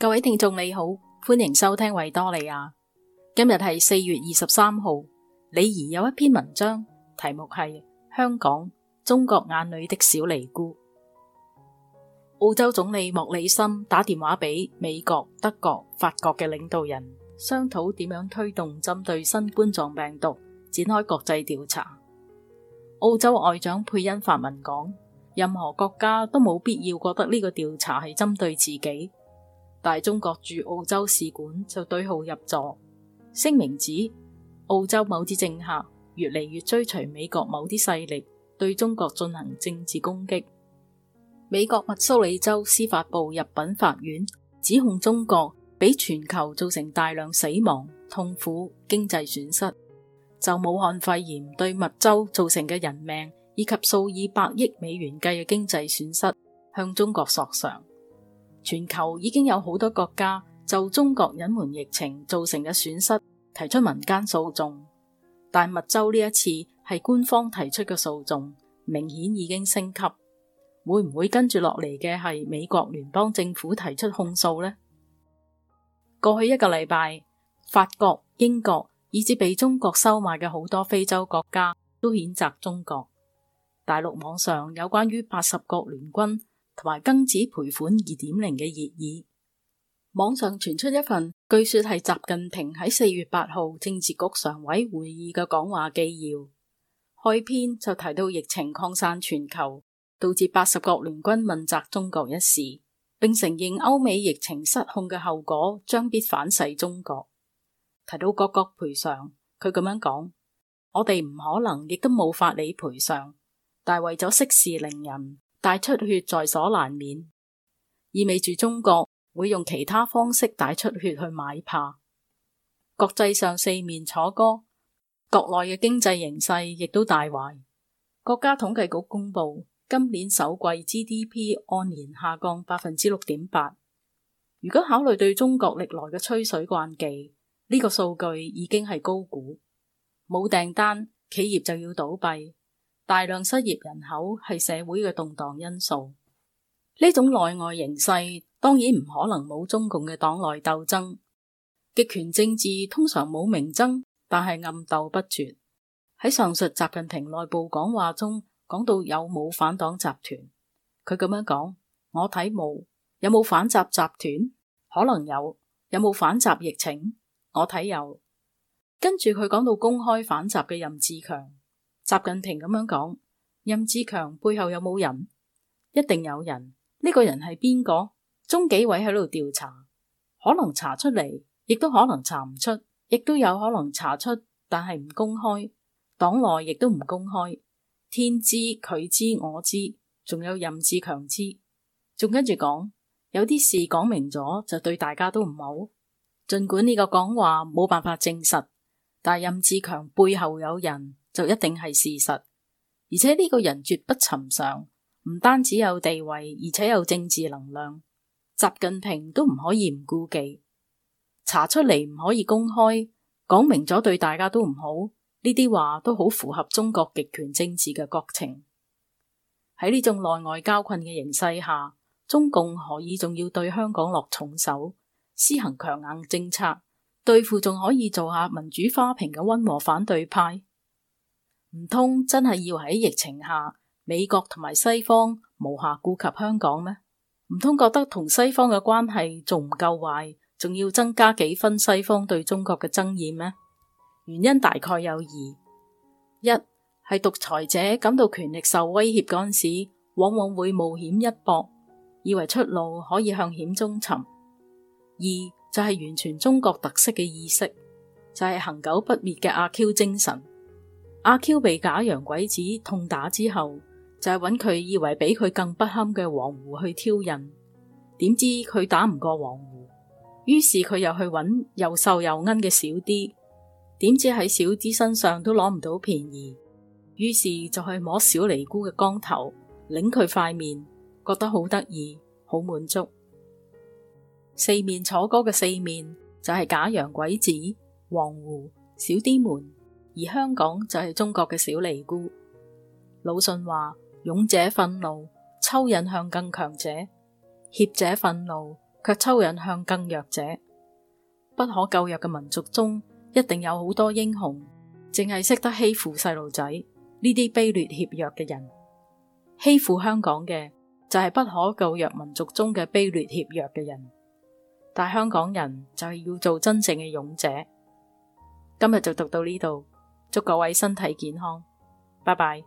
各位聽眾你好，歡迎收聽維多利亞。今日係四月二十三號，李怡有一篇文章，題目係《香港，中國眼裏的小尼姑》。澳洲總理莫里森打電話俾美國、德國、法國嘅領導人，商討點樣推動針對新冠狀病毒展開國際調查。澳洲外長佩恩發文講：任何國家都冇必要覺得呢個調查係針對自己。大中國駐澳洲使館就對號入座，聲明指澳洲某啲政客越嚟越追隨美國某啲勢力，對中國進行政治攻擊。美國密蘇里州司法部入禀法院，指控中國俾全球造成大量死亡、痛苦、經濟損失，就武漢肺炎對密州造成嘅人命以及數以百億美元計嘅經濟損失，向中國索償。全球已經有好多國家就中國隱瞞疫情造成嘅損失提出民間訴訟，但密州呢一次係官方提出嘅訴訟，明顯已經升級。會唔會跟住落嚟嘅係美國聯邦政府提出控訴呢？過去一個禮拜，法國、英國以至被中國收買嘅好多非洲國家都譴責中國。大陸網上有關於八十國聯軍。同埋庚子賠款二點零嘅熱議，網上傳出一份據說係習近平喺四月八號政治局常委會議嘅講話紀要，開篇就提到疫情擴散全球，導致八十國聯軍問責中國一事，並承認歐美疫情失控嘅後果將必反噬中國。提到各國賠償，佢咁樣講：我哋唔可能，亦都冇法理賠償，但為咗息事寧人。大出血在所難免，意味住中國會用其他方式大出血去買怕。國際上四面楚歌，國內嘅經濟形勢亦都大壞。國家統計局公布今年首季 GDP 按年下降百分之六點八。如果考慮對中國歷來嘅吹水慣技，呢個數據已經係高估。冇訂單，企業就要倒閉。大量失業人口係社會嘅動盪因素，呢種內外形勢當然唔可能冇中共嘅黨內鬥爭。極權政治通常冇明爭，但係暗鬥不絕。喺上述習近平內部講話中，講到有冇反黨集團，佢咁樣講，我睇冇。有冇反習集團？可能有。有冇反習疫情？我睇有。跟住佢講到公開反習嘅任志強。習近平咁樣講，任志強背後有冇人？一定有人。呢個人係邊個？中紀委喺度調查，可能查出嚟，亦都可能查唔出，亦都有可能查出，但係唔公開，黨內亦都唔公開。天知、佢知、我知，仲有任志強知。仲跟住講，有啲事講明咗就對大家都唔好。盡管呢個講話冇辦法證實，但係任志強背後有人。就一定係事實，而且呢個人絕不尋常，唔單止有地位，而且有政治能量。習近平都唔可以唔顧忌，查出嚟，唔可以公開，講明咗對大家都唔好。呢啲話都好符合中國極權政治嘅國情。喺呢種內外交困嘅形勢下，中共何以仲要對香港落重手，施行強硬政策，對付仲可以做下民主花瓶嘅溫和反對派。唔通，真係要喺疫情下，美國同埋西方無暇顧及香港咩？唔通覺得同西方嘅關係仲唔夠壞，仲要增加幾分西方對中國嘅爭議咩？原因大概有二：一係獨裁者感到權力受威脅嗰陣時，往往會冒險一搏，以為出路可以向險中尋；二就係、是、完全中國特色嘅意識，就係、是、恒久不滅嘅阿 Q 精神。阿 Q 被假洋鬼子痛打之後，就係揾佢以為比佢更不堪嘅王胡去挑釁，點知佢打唔過王胡，於是佢又去揾又瘦又奀嘅小 D。點知喺小 D 身上都攞唔到便宜，於是就去摸小尼姑嘅光頭，擰佢塊面，覺得好得意，好滿足。四面楚歌嘅四面就係、是、假洋鬼子、王胡、小 D 們。而香港就係中國嘅小尼姑。魯迅話：勇者憤怒，抽刃向更強者；怯者憤怒，卻抽刃向更弱者。不可救藥嘅民族中，一定有好多英雄，淨係識得欺負細路仔。呢啲卑劣怯弱嘅人。欺負香港嘅就係不可救藥民族中嘅卑劣怯弱嘅人。但香港人就係要做真正嘅勇者。今日就讀到呢度。祝各位身體健康，拜拜。